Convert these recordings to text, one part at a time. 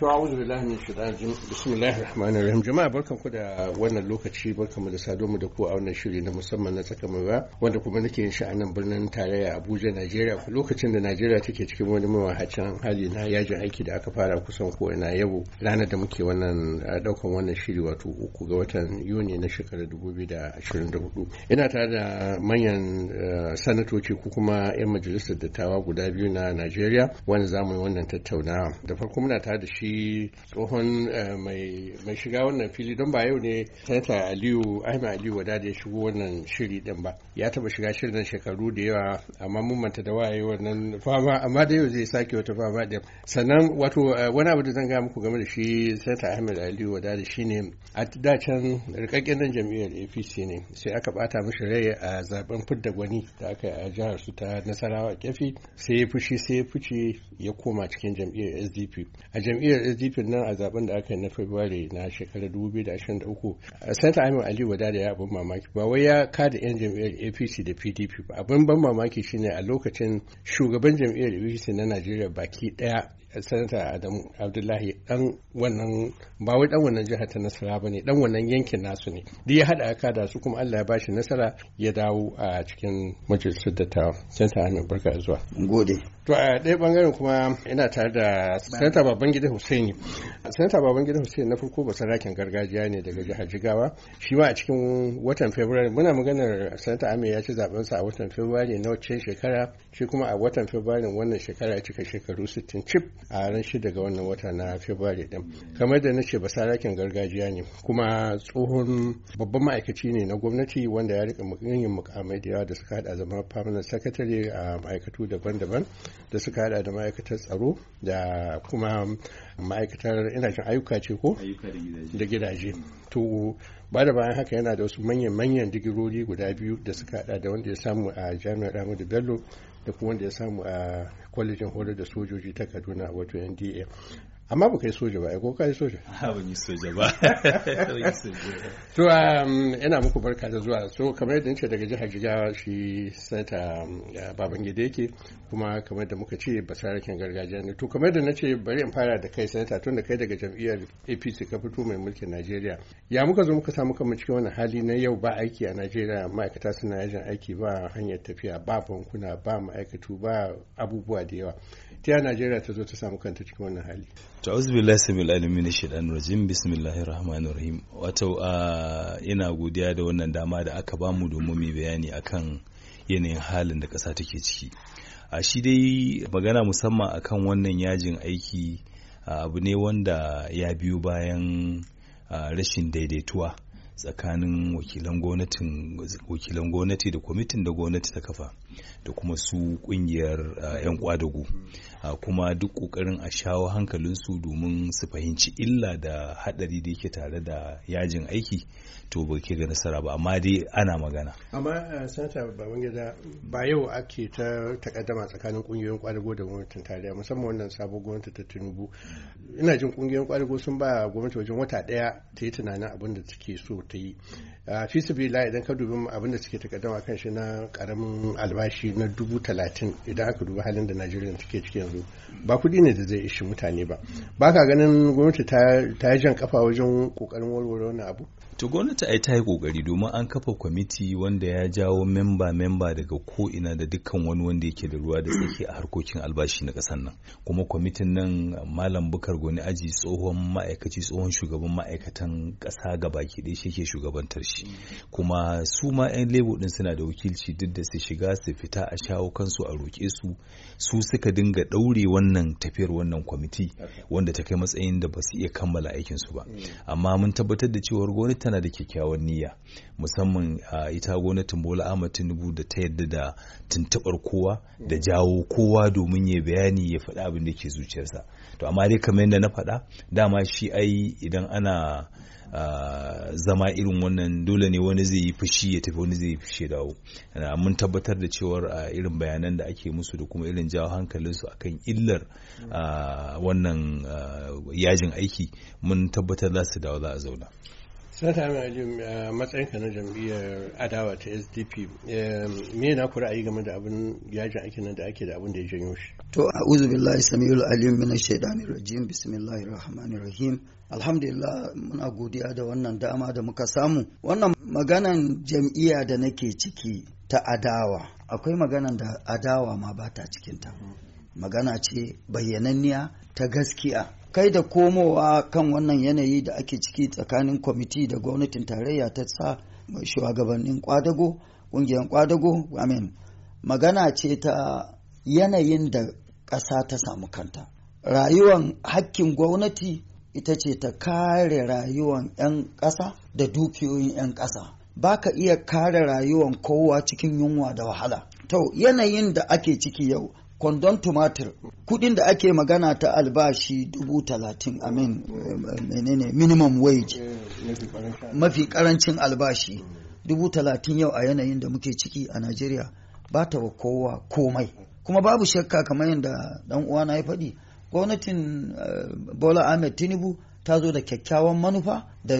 To a'udhu billahi min shaitanir rajim. Bismillahir rahmanir rahim. Jama'a barkanku da wannan lokaci barkanmu da mu da ku a wannan shiri na musamman na tsaka mai wanda kuma nake yin sha'anin birnin tarayya Abuja Najeriya ku lokacin da Najeriya take cikin wani mawahacin hali na yajin aiki da aka fara kusan ko ina yau ranar da muke wannan daukan wannan shiri wato uku ga watan Yuni na shekarar 2024. Ina tare da manyan sanatoci ko kuma 'yan majalisar dattawa guda biyu na Najeriya wanda zamu yi wannan tattaunawa. Da farko muna tare da shi shi tsohon eh, mai shiga wannan fili don ba yau ne sanata aliyu ahmed aliyu wada da ya shigo wannan shiri din ba ya taba shiga shirin nan shekaru da yawa amma mun manta da waye wannan fama amma da yau zai sake wata fama din sannan wato eh, wani abu da zan gaya muku game da shi sanata ahmed aliyu wada da shine a da rikakken nan jam'iyyar apc ne sai aka bata mishi rai a zaben fidda gwani da aka yi a jihar su ta nasarawa kefi sai ya fushi sai ya fice ya koma cikin jam'iyyar sdp a jam'iyyar SDP nan a zaben da aka yi na February na shekarar 2023 santa Amin Ali wada da ya abin mamaki ba wai ya kada yan jam'iyyar APC da PDP ba abin ban mamaki shine a lokacin shugaban jam'iyyar APC na Najeriya baki daya Eh, sanata adamu abdullahi dan wannan ba wai dan wannan jihar ta nasara ba ne dan wannan yankin nasu ne da ya haɗa aka da su kuma allah ya bashi nasara ya dawo a cikin majalisar dattawa sanata Amin barka zuwa gode to a ɗaya bangaren kuma ina tare da sanata babangida hussein sanata babangida hussein na farko ba sarakin gargajiya ne daga jihar jigawa shi ma a cikin watan february muna maganar sanata Amin ya ci zaben sa a watan february na wacce shekara shi kuma a watan february wannan shekara ya cika shekaru 60 chip a ran shi daga wannan wata na february din kamar da na ce basarakin gargajiya ne kuma tsohon babban ma'aikaci ne na gwamnati wanda ya rika yin mukamai da yawa da suka hada zama permanent secretary a ma'aikatu daban-daban da suka hada da ma'aikatar tsaro da kuma ma'aikatar ina jin ayyuka ce ko da gidaje to ba da bayan haka yana da wasu manyan manyan digirori guda biyu da suka hada da wanda ya samu a jami'ar ahmadu bello da kuma wanda ya samu a kwalejin horar da sojoji ta kaduna wato nda amma ba kai soja ba ko kai soja ban yi soja ba to um, ina muku barka da zuwa so kamar yadda nace daga jihar Jigawa shi sanata um, Babangida yake kuma kamar da muka ce basarakin gargajiya ne to kamar yadda nace bari in fara da kai sanata tun da kai daga jam'iyyar APC ka fito mai mulkin Najeriya ya muka zo muka samu kamar cikin wani hali na yau ba aiki a Najeriya ma'aikata suna yajin aiki ba hanyar tafiya ba bankuna ba ma'aikatu ba abubuwa da yawa ta Najeriya ta zo ta samu kanta cikin wannan hali ta'awuzu bi sabil alimin shaitanir rajim bismillahir rahmanir rahim wato ina godiya da wannan dama da aka bamu domin mu bayani akan yanayin halin da ƙasa take ciki a shi dai magana musamman akan wannan yajin aiki abu ne wanda ya biyo bayan rashin daidaituwa tsakanin wakilan gwamnati da kwamitin da gwamnati ta kafa da kuma su kungiyar 'yan kwadago a kuma duk ƙoƙarin a shawo hankalinsu domin su fahimci illa da haɗari da yake tare da yajin aiki to ba ke ga nasara ba amma dai ana magana amma eh, sanata babangida ba yau ake ta takaddama tsakanin ƙungiyoyin ƙwadago da gwamnatin tarayya musamman wannan sabon gwamnati ta tinubu ina jin ƙungiyoyin ƙwadago sun ba gwamnati wajen wata ɗaya ta yi tunanin abin da take so ta yi fi su idan ka dubi abin da suke takaddama kan shi na ƙaramin albashi na dubu talatin idan aka dubi halin da najeriya take ciki yanzu ba kuɗi ne da zai ishi mutane ba ba ka ganin gwamnati ta yi jan kafa wajen ƙoƙarin warware wani abu To gwamnati ai ta yi kokari domin an kafa kwamiti wanda ya jawo memba memba daga ko ina da dukkan wani wanda yake da ruwa da tsaki a harkokin albashi na kasan nan. Kuma kwamitin nan Malam Bukar Goni Aji tsohon ma'aikaci tsohon shugaban ma'aikatan ƙasa baki ɗaya shi ke shugabantar shi. Kuma su ma 'yan lebo din suna da wakilci duk da su shiga su fita a shawo kansu a roƙe su su suka dinga daure wannan tafiyar wannan kwamiti wanda ta kai matsayin da ba su iya kammala aikinsu ba. Mm. Amma mun tabbatar da cewar gwamnati tana da kyakkyawan niyya musamman ita gwamnatin bola ahmad tinubu da ta yadda da tuntuɓar kowa da jawo kowa domin ya bayani ya faɗa abin da ke zuciyarsa to amma dai kamar yadda na faɗa dama shi ai idan ana Uh, zama irin wannan dole ne wani zai yi fushi ya tafi wani zai yi fushi dawo mun tabbatar da cewar uh, irin bayanan da ake musu da kuma irin jawo hankalinsu akan illar uh, wannan yajin aiki mun tabbatar za su dawo za a zauna sanata a eh, matsayinka na jam'iyyar adawa ta sdp eh, me na a yi game da abin yajin aikin nan da ake da abin da ya janyo shi to a'udhu billahi samiul aliyu mina shaitanir rajim bismillahir rahmanir rahim alhamdulillah muna godiya da wannan dama da muka samu wannan maganan jam'iyya da nake ciki ta adawa akwai maganan da adawa ma ba ta cikinta magana ce bayyananniya ta gaskiya kai da komowa kan wannan yanayi da ake ciki tsakanin kwamiti da gwamnatin tarayya ta sa shugabannin kwadago ƙungiyar kwadago amin magana ce ta yanayin da ƙasa ta samu kanta rayuwan hakkin gwamnati ita ce ta kare rayuwan 'yan ƙasa da dukiyoyin 'yan ƙasa ba ka iya kare rayuwan kowa cikin yunwa da wahala to yanayin da ake ciki yau kwandon tumatir kudin da ake magana ta albashi dubu talatin amin menene minimum wage mafi karancin albashi dubu talatin yau a yanayin da muke ciki a najeriya ba ta wa kowa komai kuma babu shakka kamar yadda dan uwana ya faɗi gwamnatin eh, bola ahmed tinubu ta zo da kyakkyawan manufa da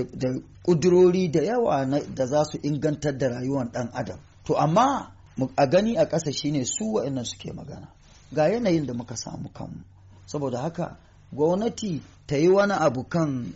ƙudurori da yawa da za su ingantar da rayuwar ɗan adam to amma a gani a ƙasa shine su waɗannan suke magana ga yanayin da muka samu kanmu saboda haka gwamnati ta yi wani abu kan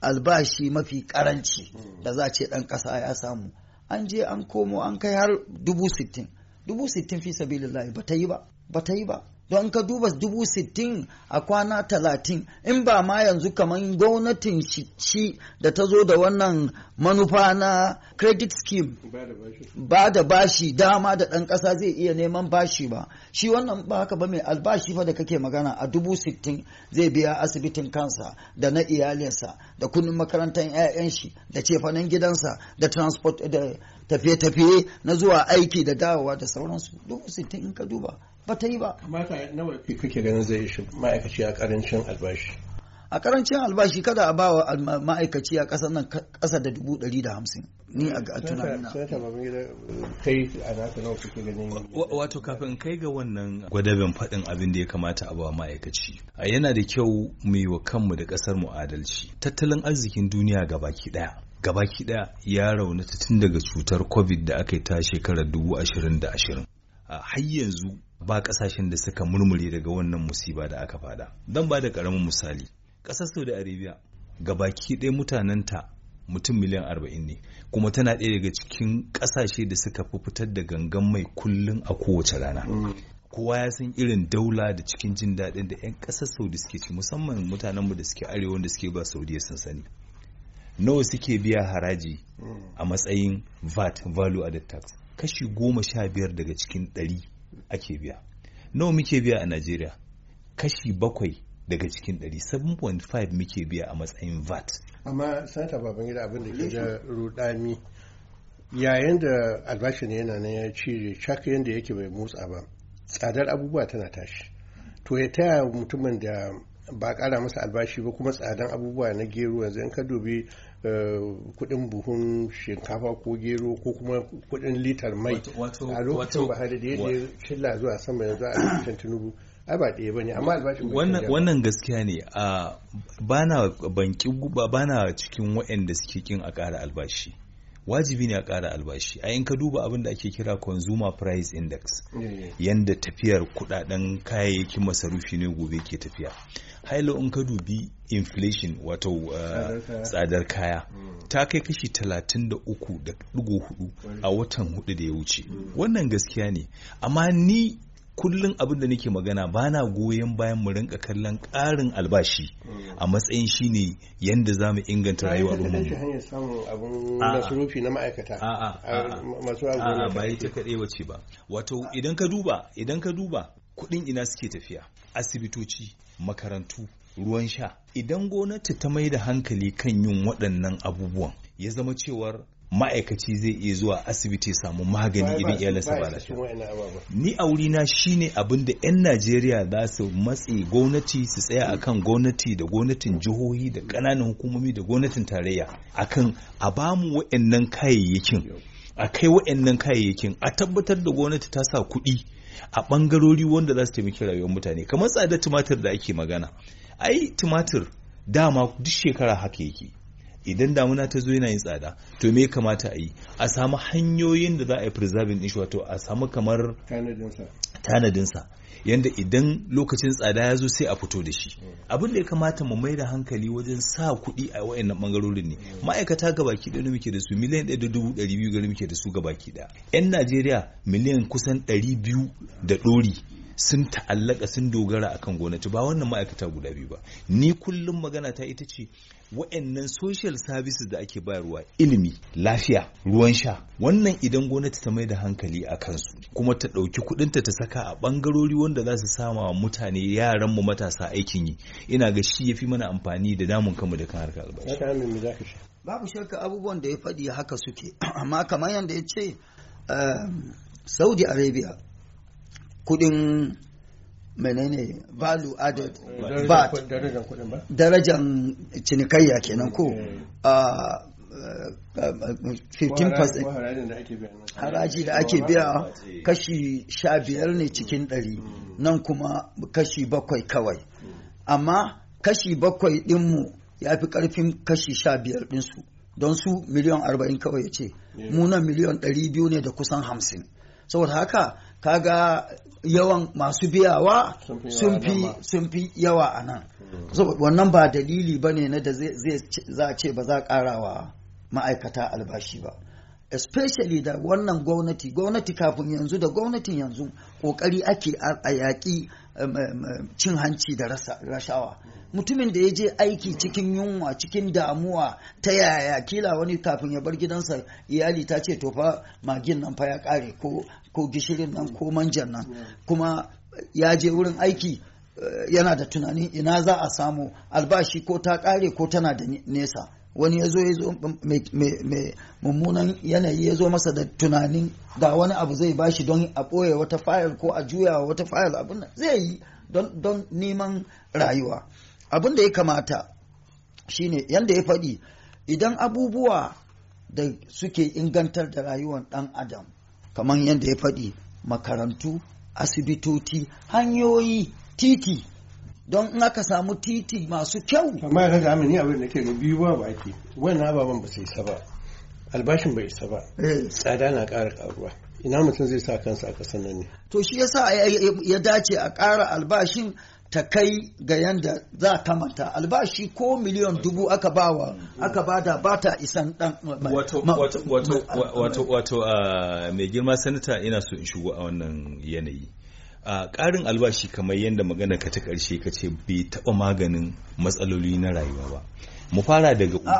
albashi mafi karanci da za ce ɗan ƙasa ya samu an je an komo an kai har dubu sittin dubu sittin fi sabilillahi ba ta yi ba ba ta yi ba don ka duba dubu sittin a kwana talatin in ba ma yanzu kamar gwamnatin shi da ta zo da wannan manufa na credit scheme ba da bashi dama da ɗan ƙasa zai iya neman bashi ba shi wannan ba haka ba mai albashi fa da kake magana a dubu sittin zai biya asibitin kansa da na iyalinsa da kudin makarantar 'ya'yan shi da cefanen gidansa da transport da tafiye-tafiye na zuwa aiki da dawowa da sauransu dubu sittin in ka duba ba ta yi ba. nawa kake ganin zai ma'aikaci a ƙarancin albashi? a karancin albashi kada a bawa ma'aikaci a ƙasar nan ƙasa da dubu ɗari da hamsin ni a ga tunanina kai wato kafin kai ga wannan gwadabin faɗin abin da ya kamata a ba ma'aikaci a yana da kyau mu yi wa kanmu da ƙasar mu adalci tattalin arzikin duniya gabaki ɗaya gabaki ɗaya ya raunata tun daga cutar covid da aka yi ta shekarar dubu ashirin da ashirin har yanzu ba ƙasashen da suka murmure daga wannan musiba da aka fada don ba da ƙaramin misali ƙasar saudi arabia gabaki ɗaya mutanenta mutum miliyan arba'in ne kuma tana ɗaya daga cikin ƙasashe da suka fi fitar da gangan mai kullum a kowace rana kowa ya san irin daula da cikin jin daɗin da 'yan ƙasar saudi suke ci musamman mutanenmu da suke arewa da suke ba saudiya sun sani nawa suke biya haraji a matsayin vat value added tax kashi goma sha biyar daga cikin ɗari ake biya nawa muke biya a najeriya kashi bakwai daga cikin ɗari 7.5 muke biya a matsayin vat amma sanata baban gida abin da ke da rudani yayin da albashin yana nan ya cire cak yadda yake bai motsa ba tsadar abubuwa tana tashi to ya taya mutumin da ba kara masa albashi ba kuma tsadan abubuwa na gero yanzu in ka dubi eh, kudin buhun shinkafa ko gero ko kuma kudin litar mai a lokacin buhari da ya shilla zuwa sama yanzu a cikin tinubu ai ba ɗaya bane amma albashin wannan wannan gaskiya ne a bana banki bana cikin waɗanda suke kin a ƙara albashi wajibi ne a ƙara albashi a in ka duba abin da ake kira consumer price index yanda tafiyar kudaden kayayyakin masarufi ne gobe ke tafiya hailo in ka dubi inflation wato uh, tsadar kaya mm. ta kai kashi 33.4 a watan hudu da ya wuce mm. wannan gaskiya ne amma ni kullum abin da nake magana ba na goyon bayan mu rinka kallon ƙarin albashi a matsayin shi ne yadda za mu inganta rayuwar mu. Ta hanyar samun abin masurufi na ma'aikata. A'a a'a ba ita kaɗai wace ba. Wato idan ka duba idan ka duba kuɗin ina suke tafiya asibitoci makarantu ruwan sha idan gwamnati ta mai da hankali kan yin waɗannan abubuwan ya zama cewar ma'aikaci zai iya zuwa asibiti ya samu magani idan iyalinsa ba ni a wuri na shine abin da 'yan najeriya za su matse gwamnati su tsaya akan gwamnati da gwamnatin jihohi da ƙananan hukumomi da gwamnatin tarayya akan a bamu wa'annan kayayyakin a kai wa'annan kayayyakin a tabbatar da gwamnati ta sa kuɗi a ɓangarori wanda za su taimaki rayuwar mutane kamar tsada tumatir da ake magana ai tumatir dama duk shekara haka yake idan damuna ta zo yana yin tsada to me kamata a yi a samu hanyoyin da za a yi preserving din shi wato a samu kamar tanadinsa yanda idan lokacin tsada ya zo sai a fito da shi abin da ya kamata mu mai da hankali wajen sa kuɗi a wayannan bangarorin ne ma'aikata gabaki ɗaya muke da su miliyan ɗaya da dubu ɗari biyu gari muke da su gabaki ɗaya 'yan najeriya miliyan kusan ɗari biyu da ɗori sun ta'allaka sun dogara akan gwamnati ba wannan ma'aikata guda biyu ba ni kullum magana ta ita ce wa'annan social services da ake bayarwa ilimi lafiya ruwan sha wannan idan gwamnati ta mai da hankali a kansu kuma ta ɗauki kuɗinta ta saka a ɓangarori wanda za su sama wa mutane yaran mu matasa aikin yi ina ga shi ya fi mana amfani da damun kanmu da kan harkar albashi babu shakka abubuwan da ya faɗi haka suke amma kamar yadda ya ce eh, saudi arabia kuɗin menene value added eh, but darajan cinikayya kenan ko 15% eh. ah, eh, haraji da ake biya kashi sha biyar ne cikin ɗari hmm. nan kuma kashi bakwai kawai hmm. amma kashi bakwai ɗinmu ya fi ƙarfin kashi sha biyar ɗinsu don su miliyan arba'in kawai ya ce muna miliyan ɗari biyu ne da kusan hamsin saboda haka kaga yawan masu biyawa sun fi yawa a nan hmm. wannan ba dalili ba ne na da za ce ba za a karawa ma'aikata albashi ba especially da wannan gwamnati gwamnati kafin yanzu da gwamnatin yanzu kokari ake a yaƙi cin hanci da rashawa mutumin da ya je aiki cikin yunwa cikin damuwa ta yaya kila wani kafin ya bar gidansa iyali ta ce tofa magin nan fa ya kare ko ko gishirin nan ko manjan nan kuma ya je wurin aiki eh, yana da tunanin ina za a samu albashi ko ta kare ko tana da nesa wani ya zo ya zo mai mummunan yanayi ya zo masa da tunanin ga wani abu zai bashi don a ɓoye wata fayil ko a juya wata fayil abin nan zai yi don neman rayuwa abin da ya kamata shine yadda ya faɗi idan abubuwa da suke ingantar da rayuwar ɗan adam kamar yadda ya faɗi makarantu asibitoci hanyoyi titi don in aka samu titi masu kyau amma ya kaga amini abin da ke ga biyu ba ba ake wannan ababen ba sai isa albashin bai isa eh. tsada na ƙara ƙaruwa ina mutum zai sa kansa a ƙasar nan ne to shi yasa ya dace a ƙara albashin ta kai ga yanda za ta manta albashi ko miliyan dubu aka bawa aka bada ba ta isan dan wato wato wato uh, mai girma sanata ina so in shigo a wannan yanayi a uh, ƙarin albashi kamar yadda magana ka ta ƙarshe ka ce bai taɓa maganin matsaloli na rayuwa ba mu fara daga udoji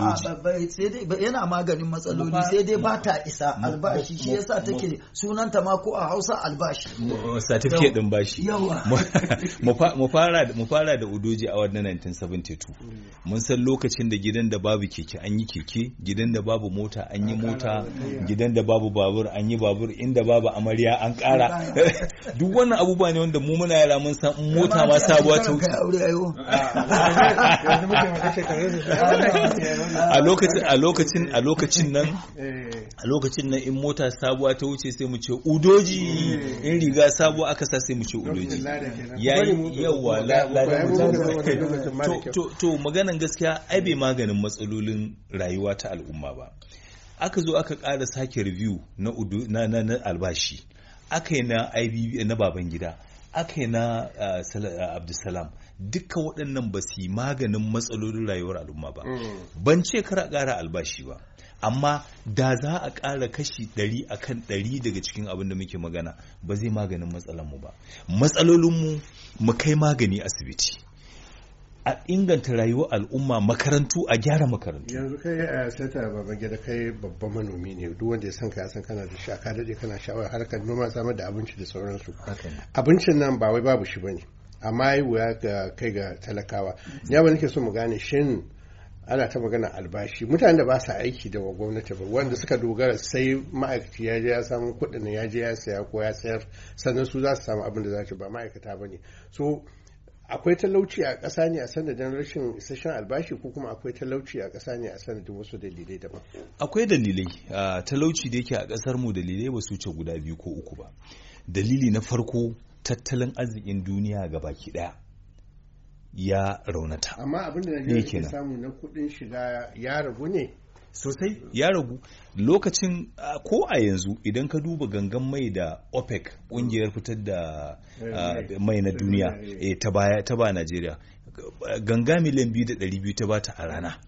yana maganin matsaloli sai dai ba ta isa albashi shi yasa take sunanta ma ko a hausa albashi certificate din bashi mu fara da udoji a wannan 1972 mun san lokacin da gidan da babu keke an yi keke gidan da babu mota an yi mota gidan da babu babur an yi babur inda babu amarya an kara duk wannan abubuwa ne wanda mu muna yara mun san mota ma sabuwa ta wuce a lokacin a lokacin a lokacin nan a lokacin nan in mota sabuwa ta wuce sai mu ce udoji eh. in riga sabuwa aka sa sai mu ce udoji yayi yawa to to maganan gaskiya ai bai maganin matsalolin rayuwa ta al'umma ba aka zo aka ƙara sake review na na albashi aka yi na ibb na baban gida aka yi na ah, ah, abdulsalam duka waɗannan ba su yi maganin matsalolin rayuwar al'umma ba mm. ban ce kar a ƙara albashi ba amma da za a ƙara kashi ɗari a kan ɗari daga cikin abin da muke magana ba zai maganin matsalanmu ba matsalolinmu mu kai magani asibiti a inganta rayuwar al'umma makarantu a gyara makarantu yanzu kai a eh, sata babban gida kai babban manomi ne duk wanda ya san ka san kana da shaka daɗe kana sha'awar harkar noma samar da abinci da sauransu abincin nan ba wai babu shi bane amma yi wuya ga kai ga talakawa ya ba nake so mu gane shin ana ta magana albashi mutane da ba sa aiki da gwamnati ba wanda suka dogara sai ma'aikaci ya je ya samu kuɗin ya je ya saya ko ya sayar sannan su za su samu abin da za su ba ma'aikata ba ne so akwai talauci a ƙasa ne a sanadin rashin isasshen albashi ko kuma akwai talauci a ƙasa ne a sanadin wasu dalilai daban akwai dalilai talauci da yake a ƙasar mu dalilai ba su ce guda biyu ko uku ba dalili na farko tattalin arzikin duniya ga baki daya ya raunata amma abin da eh, Najeriya ke samu na kudin shiga ya ragu ne sosai ya ragu lokacin ko a yanzu idan ka duba gangan mai da opec kungiyar fitar da eh, mai na duniya eh. ta baya ba Najeriya ganga miliyan biyu da ɗari biyu ta bata a rana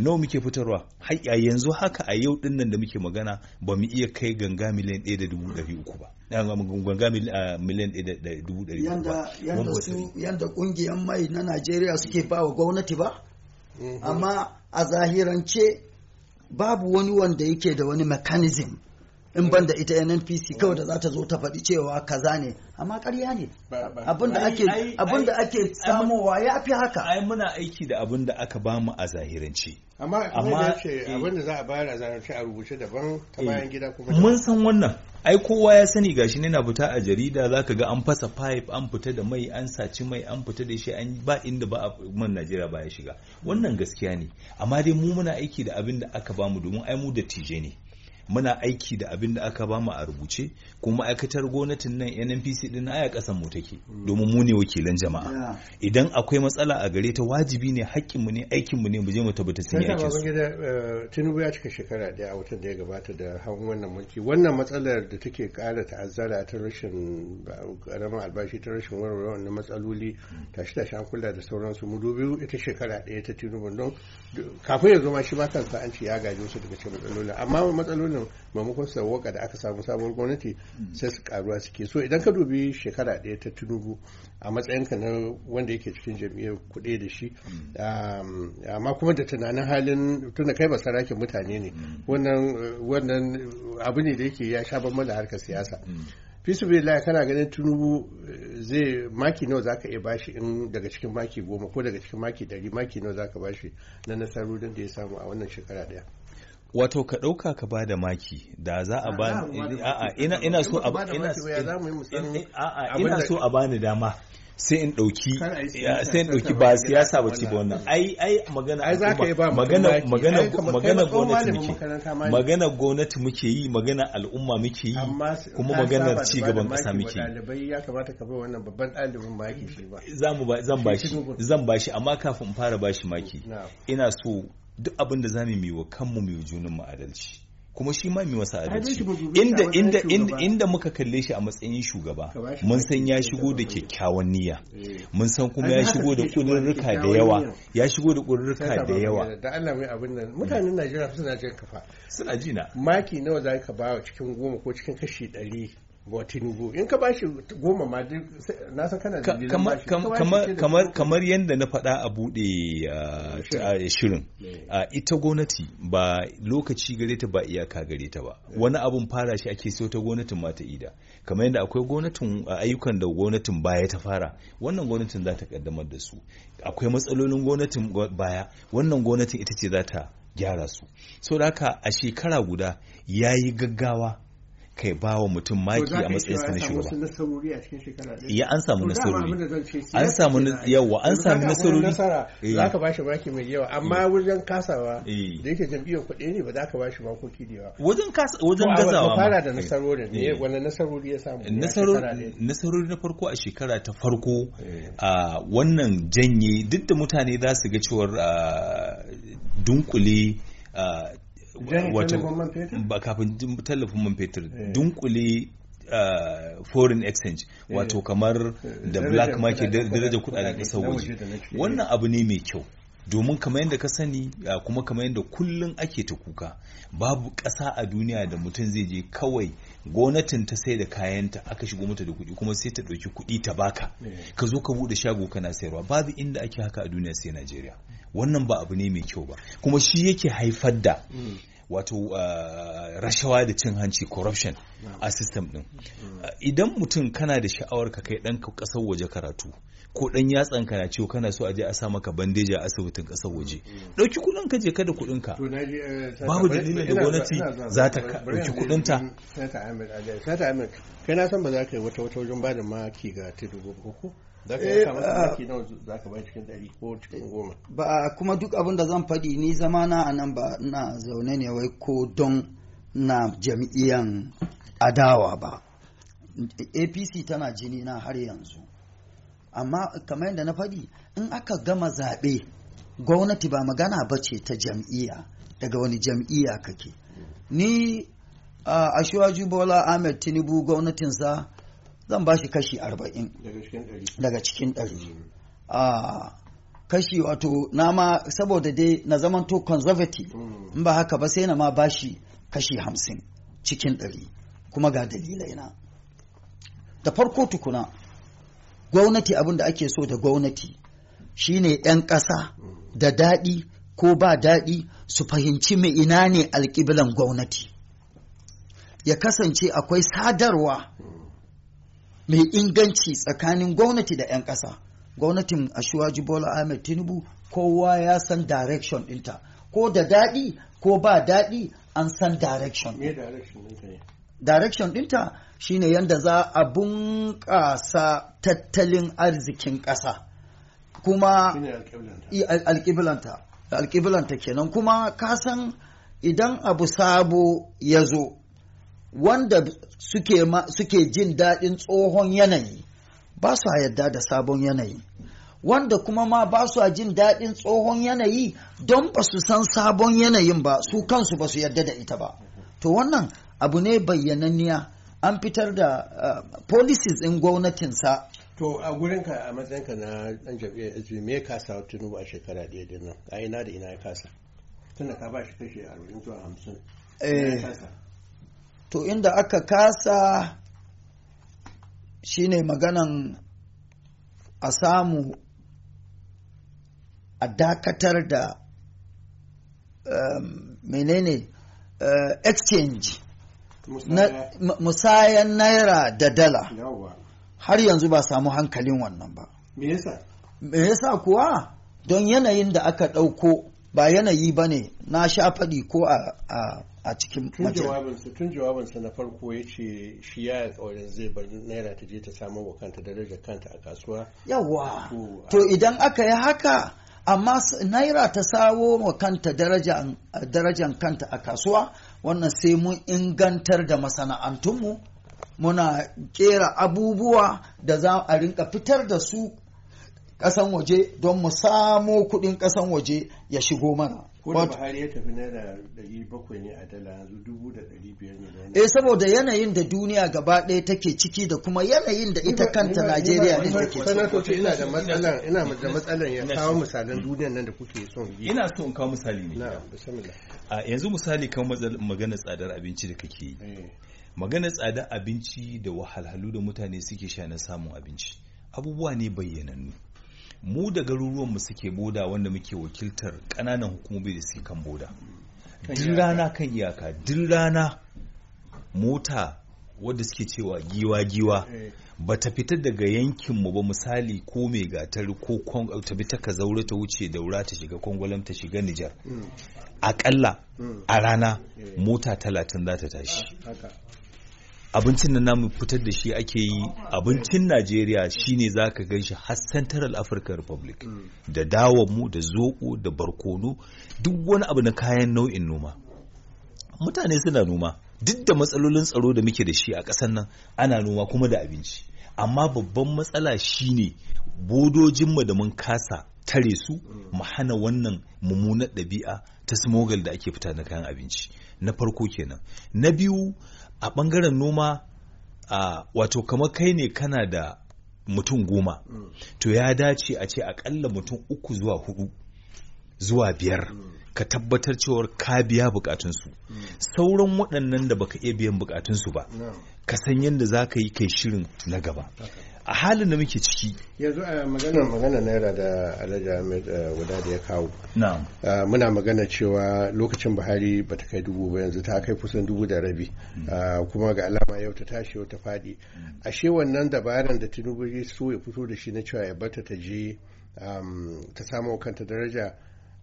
nawa muke fitarwa a yanzu haka a yau dinnan da muke magana ba mu iya kai ganga miliyan ɗaya da dubu uku ba ganga miliyan ɗaya da dubu uku ba yanda ƙungiyar mai na najeriya suke ba wa gwamnati ba mhm. amma a zahirance babu wani wanda yake da wani mechanism in ban da ita nnpc kawai da za ta zo ta faɗi cewa kaza ne amma ƙarya ne abinda ake samowa ya fi haka ai muna aiki da abinda aka bamu a zahirance amma amma eh. abin da za a bayar a zanarci a rubuce daban ta eh. bayan gida kuma mun san wannan ai kowa ya sani gashi ne na fita a jarida zaka ga an fasa pipe an fita da mai an saci mai an fita da shi an ba inda ba a man Najeriya ba ya shiga wannan gaskiya ne amma dai mu muna aiki da abin da aka bamu domin ai mu da tije ne muna aiki da abin da aka bamu a rubuce kuma ma'aikatar gwamnatin nan nnpc din aya kasan mu take domin mu ne wakilan jama'a idan akwai matsala a gare ta wajibi ne haƙƙin mu ne aikin mu ne mu je mu tabbata sun yi sai su eh, tinubu ya cika shekara daya a watan da ya gabata da hawan wannan mulki wannan matsalar da take ƙara ta'azzara ta rashin ƙaramin albashi ta rashin warware wannan matsaloli tashi tashi an kula da sauransu mu dubi ita shekara daya ta tinubu don kafin ya zo ma shi ba kansa an ce ya gaji wasu daga cikin matsalolin amma matsalolin nan maimakon sawwaka da aka samu sabuwar gwamnati sai su karuwa suke so idan ka dubi shekara daya ta tunubu a matsayin ka na wanda yake cikin jam'iyyar kuɗe da shi amma kuma da tunanin halin tunda kai sarakin mutane ne wannan abu ne da yake ya sha ban da harkar siyasa fisibillah kana ganin tunubu eh, zai maki nawa zaka iya bashi in daga cikin maki goma ko daga cikin maki dari maki nawa zaka bashi na nasarorin da ya samu a wannan shekara daya wato ka ɗauka ka ba da maki da za a ba a'a ina ina so a ina a'a ina so a bani dama sai in ɗauki sai in ɗauki ba siyasa ba ci ba wannan ai ai magana magana magana magana gwamnati muke magana gwamnati muke yi magana al'umma muke yi kuma magana ci gaban ƙasa muke yi ya kamata ka bai wannan babban ɗalibin maki shi ba zan ba zan bashi zan bashi amma kafin fara bashi maki ina so duk abin da za mu yi wa kanmu mu yi junin mu adalci kuma shi ma mai wasa adalci inda inda muka kalle shi a matsayin shugaba eh. mun san ya shigo da kyakkyawan niyya mun san kuma ya shigo da kudurruka da yawa ya shigo da kudurruka da yawa da Allah mai abin nan mutanen Najeriya suna jin kafa suna jina maki nawa za ka ba cikin goma ko cikin kashi ɗari wa tinubu in ka bashi goma ma na san kana da kamar kamar yadda na faɗa a buɗe shirin ita gwamnati ba lokaci gare ta ba iyaka gare ta ba wani abun fara shi ake so ta gwamnatin ma ta ida kamar yadda akwai gwamnatin ayyukan da gwamnatin baya ta fara wannan gwamnatin za ta kaddamar da su akwai matsalolin gwamnatin baya wannan gwamnatin ita ce za ta gyara su saboda haka a shekara guda ya yi gaggawa kai ba wa mutum maki a matsayinsa na shugaba ya an samu nasarori an samu yawa an samu nasarori eh. za ka bashi maki mai yawa amma eh. wajen kasawa eh. da yake jam'iyyar kuɗi ne ba za ka bashi makoki da yawa wajen kasa wajen gazawa fara da nasarori ne wanda nasarori ya samu nasarori na farko a shekara ta farko a wannan janye duk da mutane za su ga cewar dunkule kafin tallafin man fetur eh. dunkule Uh, foreign exchange eh. wato kamar eh, da black market daraja kudaden kasar waje wannan abu ne mai kyau domin kamar yadda ka sani ah, kuma kamar yadda kullum ake ta kuka babu ƙasa a duniya da mutum zai je kawai gwamnatin ta sai da kayanta aka shigo mata da kuɗi kuma sai ta ɗauki kuɗi ta baka ka zo ka buɗe shago kana sayarwa babu inda ake haka a duniya sai najeriya wannan ba abu ne mai kyau ba kuma shi yake haifar da mm. wato uh, rashawa da cin hanci corruption a system din uh, idan mutum kana da sha'awar ka kai ɗan ƙasar waje karatu ko ɗan yatsan ka na ciwo kana so a je a sa maka bandeja a asibitin ƙasar waje ɗauki kuɗin ka je kada kuɗin ka eh, babu dalilin da gwamnati za ta ɗauki kuɗin ta sata amir san ba za ka yi wata wata wajen ba da maki ga tudu ko ba kuma duk abin da zan faɗi ni zama na a nan ba na zaune ne wai ko don na jam'iyyan adawa ba apc tana jini na har yanzu amma kamar yadda na faɗi in aka gama zaɓe gwamnati ba magana ba ce ta jam'iyya daga wani jam'iyya kake ni a uh, bola ahmed tinubu gwamnatinsa zan ba shi kashi arba'in daga cikin ɗari a mm. ah, kashi wato na ma saboda dai na zaman zamanto conservative mm. in ba haka ba sai na ma ba shi kashi hamsin cikin ɗari kuma ga dalilai na da farko tukuna gwamnati abin da ake so da gwamnati shine 'yan ƙasa mm. da daɗi ko ba daɗi su fahimci mai ina ne alƙiblan gwamnati ya kasance akwai sadarwa mai inganci tsakanin gwamnati da 'yan ƙasa gwamnatin ashuwaji bola ahmed tinubu kowa ya san direction ɗinta ko da daɗi ko ba daɗi an san direction direction ɗinta shine yadda za a bunƙasa tattalin arzikin ƙasa kuma alƙiblanta alƙiblanta kenan kuma kasan idan abu sabo ya zo wanda suke, ma, suke jin daɗin tsohon yanayi ba su yadda da sabon yanayi wanda kuma ma ba su jin daɗin tsohon yanayi don ba su san sabon yanayin ba su kansu ba su yadda da ita ba to wannan abu ne bayyananniya an fitar da uh, policies in gwamnatinsa to a ka a matsayinka na ɗan jam'iyyar hb me ya kasa tunu a shekara ɗaya din nan a ina da ina ya kasa tunda ka ba shi kashe arba'in zuwa hamsin eh, to inda aka kasa shine maganan a samu a dakatar da um, menene uh, exchange musayan naira da dala har yanzu ba samu hankalin wannan ba me yasa me yasa kuwa don yanayin da aka ɗauko ba yanayi ba ne na sha faɗi ko a a cikin tun jawabinsa na farko ya ce shi ya tsoron zai bar naira ta je ta samu wa kanta darajar kanta a kasuwa yawa to idan aka yi haka amma naira ta samo wa kanta darajan kanta a kasuwa wannan sai mun ingantar da masana'antunmu muna kera abubuwa da za a rinka fitar da su ƙasan waje don mu samo kuɗin ƙasan waje ya shigo mana ko da buhari ya tafi naira ɗari bakwai ne a dala yanzu dubu da ɗari biyar ne eh saboda yanayin da duniya gaba ɗaya take ciki da kuma yanayin da ita kanta najeriya ne take ciki sanatoci ina da matsalan ina da matsalan ya kawo misalan duniyan nan da kuke son yi ina so in kawo misali ne na'am bismillah a yanzu misali kan magana tsadar abinci da kake yi eh. maganar tsadar abinci da wahalhalu da mutane suke sha na samun abinci abubuwa ne bayyanannu mu da garuruwanmu suke boda wanda muke wakiltar ƙananan hukumomi da suke kan boda duk rana kan iyaka din rana mota wadda suke cewa giwa-giwa eh. ba ta fita daga yankinmu ba misali ko mai gatar ko ta bi ta zaure ta wuce daura ta shiga kwangwalam ta shiga nijar hmm. akalla hmm. a rana eh. mota talatin za ta tashi abincin nan namu fitar da shi ake yi abincin najeriya shine za ka gan shi har central african republic mm. da dawonmu da zoko da barkono duk wani abu na kayan nau'in noma mutane suna noma duk da matsalolin tsaro da muke da shi a ƙasar nan ana noma kuma da abinci amma babban matsala shine bodojinmu da mun kasa tare su mm. mu hana wannan mummunar dabi'a ta smogal da ake fita na kayan abinci na farko kenan na biyu a ɓangaren noma a wato kama kai ne kana da mutum goma to ya dace a ce aƙalla mutum uku zuwa hudu zuwa biyar ka tabbatar cewar ka biya bukatunsu sauran waɗannan da baka iya biyan bukatunsu ba ka san yadda za ka yi kai shirin na gaba a halin da muke ciki yanzu a eh, maganar magana naira da alhaji ahmed eh, wada da ya kawo eh, muna magana cewa lokacin buhari ba ta kai dubu ba yanzu ta kai kusan dubu da rabi hmm. kuma ga alama yau ta tashi yau ta fadi hmm. ashe wannan dabaran da tinubu ya so ya fito da shi na cewa ya bata ta je um, ta samu kanta daraja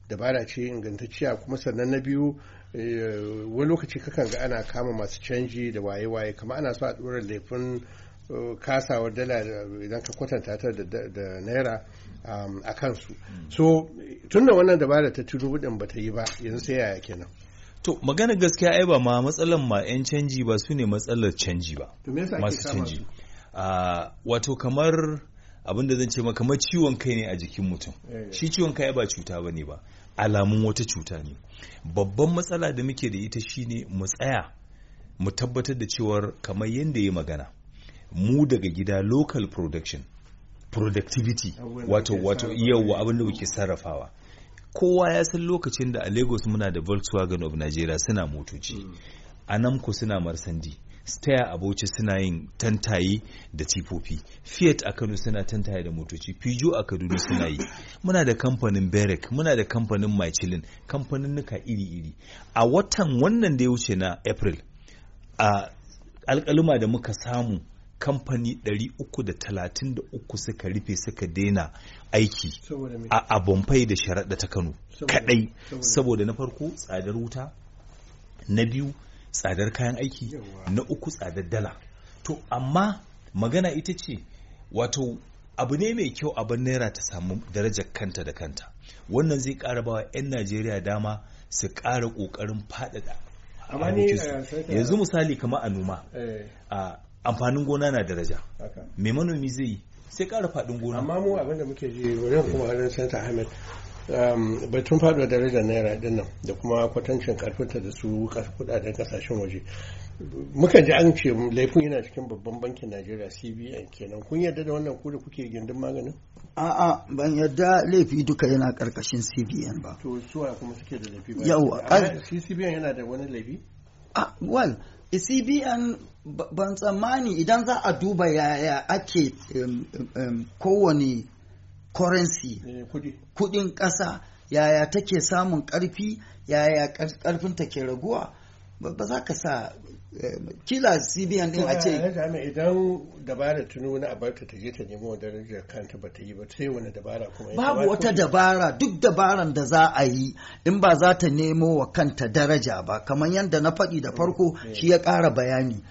dabara ce ingantacciya kuma sannan na biyu wani lokaci kakan ga ana kama masu canji da waye-waye kama ana so a tsoron laifin kasawar dala idan ka kwatanta ta da naira um, a kansu hmm. so tunda wannan dabara ta tudu din ba ta yi ba yanzu sai yaya kenan to magana gaskiya ai ba ma matsalan ma yan canji ba su ne matsalar canji ba masu canji ah, wato kamar abin da zan ce ma kamar ciwon kai ne a jikin mutum eh, eh. shi ciwon kai ba cuta ba ne ba alamun wata cuta ne babban matsala da muke da ita shine mu tsaya mu tabbatar da cewar kamar yadda ya magana mu daga gida local production productivity wato wato yawa abin da muke sarrafawa kowa ya san lokacin da a lagos muna da volkswagen of nigeria suna motoci hmm. a ku suna marsandi staya abuci suna yin tantaye da tifofi fiat a kano suna tantaye da motoci pijo a kaduna suna yi muna da kamfanin berek muna da kamfanin michelin kamfanin nuka iri-iri a watan wannan da ya wuce na april a alkaluma da muka samu kamfani 333 suka rufe suka daina aiki a Bombay da sharaɗa ta Kano kadai saboda na farko tsadar wuta na biyu tsadar kayan aiki na uku tsadar dala to amma magana ita ce wato abu ne mai kyau abin naira ta samu darajar kanta da kanta wannan zai ƙara bawa 'yan najeriya dama su ƙara ƙoƙarin faɗaɗa eh, yanzu misali kama a noma eh. amfanin gona na daraja mai manomi zai yi sai kara fadin gona amma mu abinda muke ji wurin kuma wajen santa ahmed um, batun faɗo darajar naira din nan da kuma kwatancin karfinta da su kudaden kasashen waje muka ji an ce laifin yana cikin babban bankin najeriya cbn kenan kun yarda da wannan ku da kuke gindin maganin a'a ban yarda laifi duka yana karkashin cbn ba to suwa kuma suke da laifi ba yawa cbn yana da wani laifi A ah, well CBN ban tsammani idan za a duba yaya ake kowane currency eh, kudin ƙasa yaya take samun ƙarfi yaya ƙarfinta ke raguwa ba za ka sa kila cbn din a ce idan dabara tunu wani abarta ta je ta nemo wanda darajar kanta ba ta yi ba sai wani dabara kuma babu wata dabara duk dabaran da za a yi in ba za ta nemo wa kanta daraja ba kamar yadda na faɗi da farko mm, mm. shi ya ƙara bayani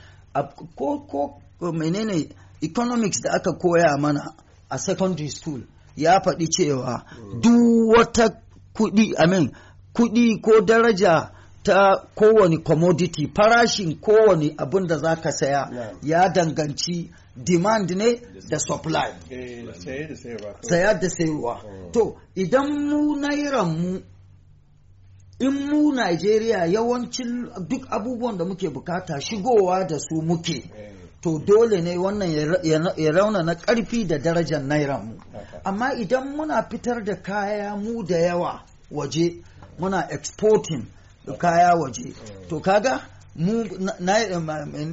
ko ko menene economics da aka koya mana a secondary school ya faɗi cewa mm. duk wata kuɗi amin kuɗi ko daraja ta kowane commodity farashin kowane abin da za ka saya ya danganci demand ne da supply saya da sayarwa hmm. to idan mu mu in mu Najeriya yawancin duk abubuwan da muke bukata shigowa da su muke hmm. to dole ne wannan ya rauna na ƙarfi da darajar naira mu amma idan muna fitar da kaya mu da yawa waje muna exporting kaya waje to kaga mu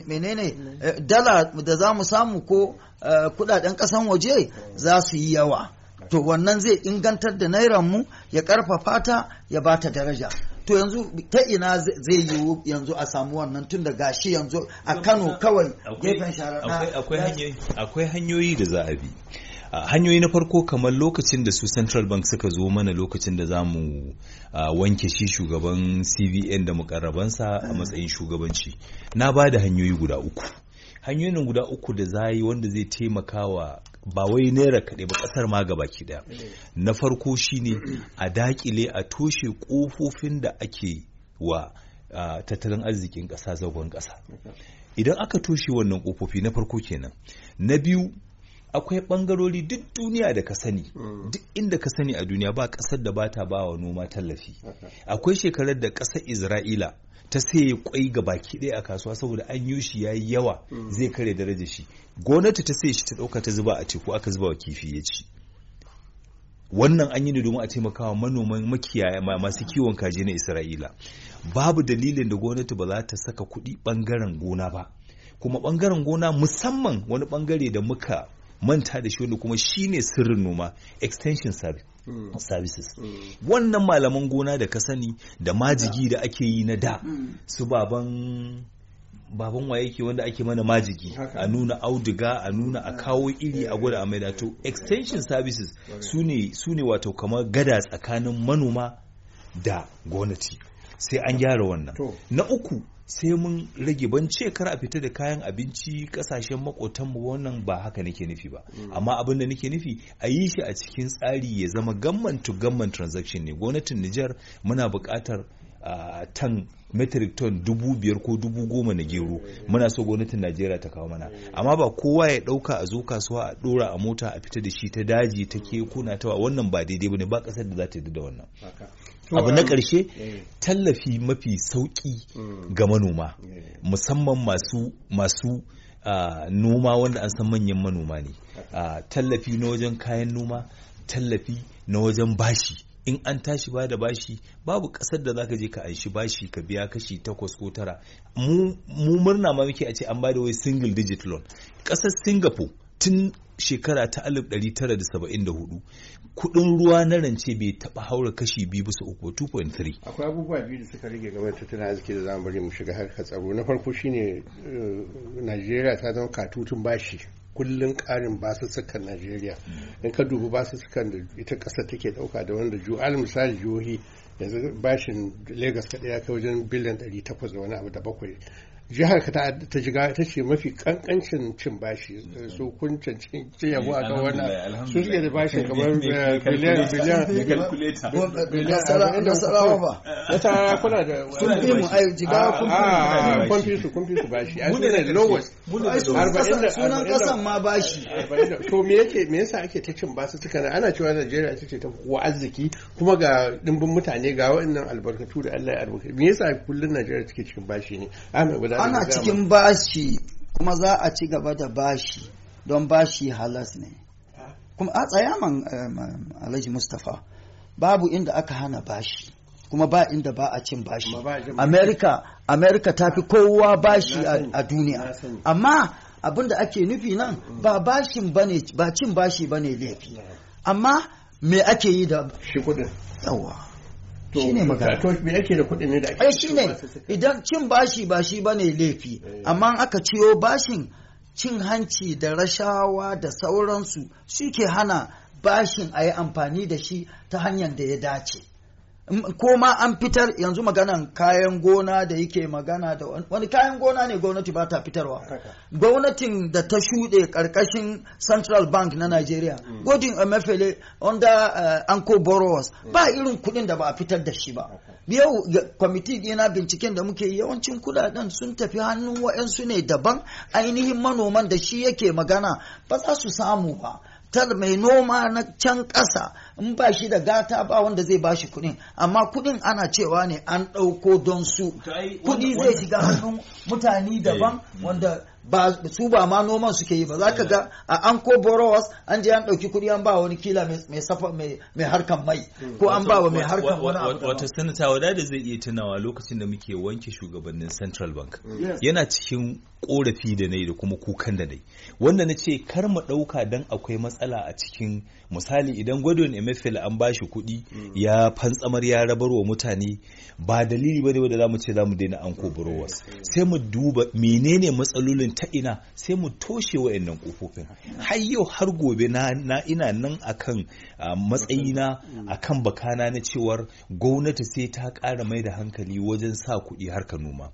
menene eh, dala da za mu samu ko eh, kudaden kasan waje za su yi yawa to wannan zai ingantar da nairan mu ya karfafa ta ya bata daraja to yanzu ta ina zai yiwu yanzu a samu wannan tun da gashi yanzu a kano kawai gefen akwai hanyoyi da za a bi hanyoyi na farko kamar lokacin da su central bank suka zo mana lokacin da za mu wanke shi shugaban cbn da mukarrabansa a matsayin shugabanci na ba da hanyoyi guda uku hanyoyin guda uku da za yi wanda zai taimaka wa ba wai naira kaɗai ba ƙasar ma gaba ki ɗaya na farko shine a dakile a toshe ƙofofin da ake wa tattalin arzikin ƙasa zagon ƙasa idan aka toshe wannan ƙofofi na farko kenan na biyu akwai bangarori duk duniya da ka sani hmm. duk inda ka sani a duniya ba kasar da bata ba wa noma tallafi akwai shekarar da kasar isra'ila ta saye kwai ga baki ɗaya a kasuwa saboda an yi shi yayi yawa hmm. zai kare darajar shi gonata ta saye shi ta ɗauka ta zuba a teku aka zuba wa kifi ya ci wannan an yi ne domin a taimakawa manoman makiyaya masu kiwon kaji na isra'ila babu dalilin da gwamnati ba za ta saka kuɗi bangaren gona ba kuma bangaren gona musamman wani bangare da muka manta da shi wanda kuma shine sirrin noma extension service mm. services mm. wannan malaman gona da ka sani da majigi da ake yi na da mm. su baban baban waye ke wanda ake mana majigi a nuna auduga a nuna a kawo iri a gwada a maida to extension services su ne wato kamar gada tsakanin manoma da gwamnati sai an gyara wannan na uku sai mun rage ban ce kar a fita da kayan abinci kasashen makotan mu wannan ba haka nake nufi ba mm. amma abin da nake nufi a yi shi a cikin tsari ya zama gamman to gamman transaction ne gwamnatin Nijar muna buƙatar tan metric ton dubu biyar ko dubu goma na gero muna so gwamnatin najeriya ta kawo mana mm. amma ba kowa ya ɗauka a zo kasuwa a dora a mota a fita da shi ta daji ta kekuna ta wannan ba daidai ne ba ƙasar da za ta yi da wannan abu na ƙarshe eh. tallafi mafi sauƙi mm. ga manoma eh. musamman masu masu ah, noma wanda an san manyan manoma ne ah, tallafi na wajen kayan noma tallafi na wajen bashi in an tashi ba da bashi babu ƙasar da zaka je ka anshi bashi ka biya kashi takwas ko tara mu murna ma muke a ce an da wai single digit loan kasar singapore tun shekara ta 1974 kudin ruwa na rance bai taba haura kashi biyu bisa uku 2.3 akwai abubuwa biyu da suka rage game da tattalin arziki da zamu bari mu shiga harkar tsaro na farko shine eh, Najeriya ta zama katutun bashi kullun karin basussukan Najeriya in ka dubi basussukan da ita kasa take dauka da wanda ju'al misali jihohi yanzu bashin Lagos kaɗaya ya kai wajen biliyan 800 da wani abu da bakwai jihar ka ta jiga ta ce mafi kankancin cin bashi su kun cancanci ce yabo a kan eh, wannan su suke da bashi kamar eh, biliyan biliyan biliyan nasarawa ba nasarawa kuna da sun fi mu ayo jiga ah, kun fi ah, ah, kun fi su kun fi su bashi a sunan lowest sunan kasan ma bashi to me yake me yasa ake ta cin basu suka ana cewa Najeriya ita ce ta kowa arziki kuma ga dimbin mutane ga waɗannan albarkatu da Allah ya albarkatu me yasa kullun Najeriya take cikin bashi ne Ahmed ana cikin bashi kuma za a ci gaba da bashi don bashi halas ne kuma a man eh, alhaji mustapha babu inda aka hana bashi kuma ba inda ba a cin bashi america america ta fi kowa bashi a duniya amma abinda ake nufi nan ba bashin bane ba cin bashi bane laifi amma me ake yi da shi kudin yawa shine magana to me ake da kuɗin ne da ake ne idan cin bashi ba shi bane laifi eh. amma aka ciyo bashin cin hanci da rashawa da sauransu suke hana bashin a yi amfani da shi ta hanyar da ya dace ko ma an fitar yanzu maganan kayan gona da yake magana da wani kayan gona ne gwamnati ba ta fitarwa gwamnatin da ta shuɗe ƙarƙashin central bank na nigeria mm. godin emefele under an eh, anko borrowers mm. ba irin kuɗin da ba a fitar da shi ba yau kwamiti dina binciken da muke yawancin kuɗaɗen sun tafi hannun waɗansu ne daban ainihin manoman da shi yake magana ba za su samu ba tar mai noma na can ƙasa in ba shi da gata ba wanda zai bashi kuɗin amma kuɗin ana cewa ne an ɗauko don su kuɗi zai shiga hannun mutane eh. daban wanda ba su ba ma noman suke yi ba za ka eh. ga a an ko borowas an je an ɗauki kuɗi an ba wani kila mai safa mai harkan mai hmm. ko an ba wa mai harkan wani abu wata sanata wadada zai iya tunawa lokacin da muke wanke shugabannin central bank hmm. yana cikin korafi da nayi da kuma kukan da nayi wanda na ce kar mu ɗauka dan akwai matsala a cikin misali idan gwadon emefil an ba shi kuɗi mm. ya fantsamar ya rabar wa mutane ba dalili bane wanda zamu ce zamu daina anko mm. burowas mm. sai mu duba menene matsalolin ta ina sai mu toshe wayannan kofofin har yau har gobe na, ina nan akan matsayina akan bakana na cewar gwamnati sai ta ƙara mai da hankali wajen sa kuɗi harkar noma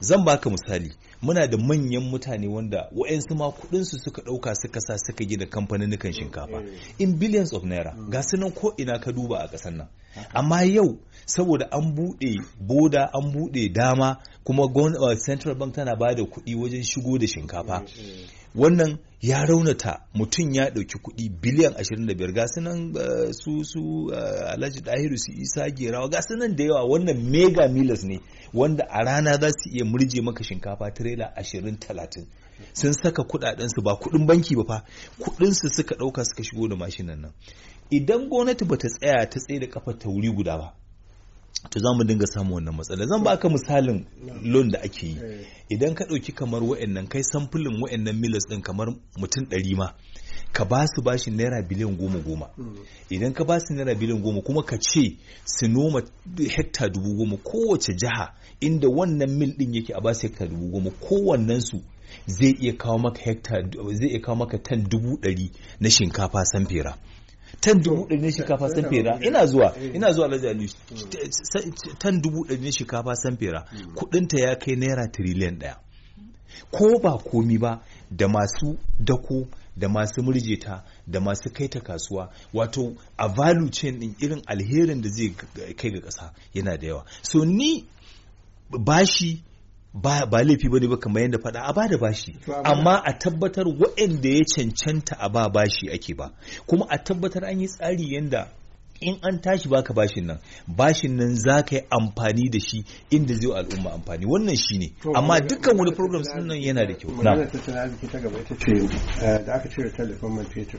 zan baka misali muna da manyan mutane wanda wa'yansu ma kudinsu suka dauka suka sa suka gina kamfanin shinkafa in billions of naira mm. ga sunan ko'ina ka duba a ƙasar nan amma yau saboda an buɗe boda an buɗe dama kuma uh, central bank tana ba da kuɗi wajen shigo da shinkafa mm, mm. wannan ya raunata mutum ya ɗauki kuɗi biliyan 25 ga sunan eh, su su eh, alhaji dahiru su isa gerawa ga sunan da yawa wannan mega milas ne wanda a rana za su iya murje maka shinkafa tirela 20-30 sun saka kuɗaɗensu ba kuɗin banki ba fa kuɗinsu suka ɗauka suka shigo da mashinan nan idan gwamnati ba ta tsaya ta tsaye da kafa ta wuri guda ba to za mu dinga samun wannan matsala zan baka misalin loan da ake yi eh. idan ka ɗauki kamar wa'annan kai samfulin wa'annan milas ɗin kamar mutum ɗari ma ka ba su bashi naira biliyan goma goma hmm. idan ka ba su naira biliyan goma kuma ka ce su noma hekta dubu goma kowace jiha inda wannan mil ɗin yake a ba su hekta dubu goma kowannensu zai iya kawo maka hekta zai iya kawo maka tan dubu ɗari na shinkafa samfira tan dubu ɗari ne shinkafa san fera ina zuwa eh. ina zuwa alhaji aliyu tan dubu ɗari ne shinkafa san fera hmm. kuɗinta ya kai naira tiriliyan ɗaya ko ba komi ba da masu dako da masu murjeta da masu kai ta kasuwa wato a value chain din irin alherin da zai kai ga ƙasa yana da yawa so ni bashi ba ba laifi ne ba kamar yadda faɗa a ba da bashi amma a tabbatar waɗanda ya cancanta a ba bashi ake ba kuma a tabbatar an yi tsari yadda in an tashi baka bashin nan bashin nan za ka yi amfani da shi inda zai al'umma amfani wannan shi ne amma dukkan wani program sun nan yana da kyau na